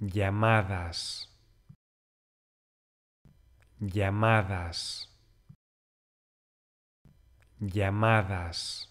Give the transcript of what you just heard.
llamadas, llamadas, llamadas.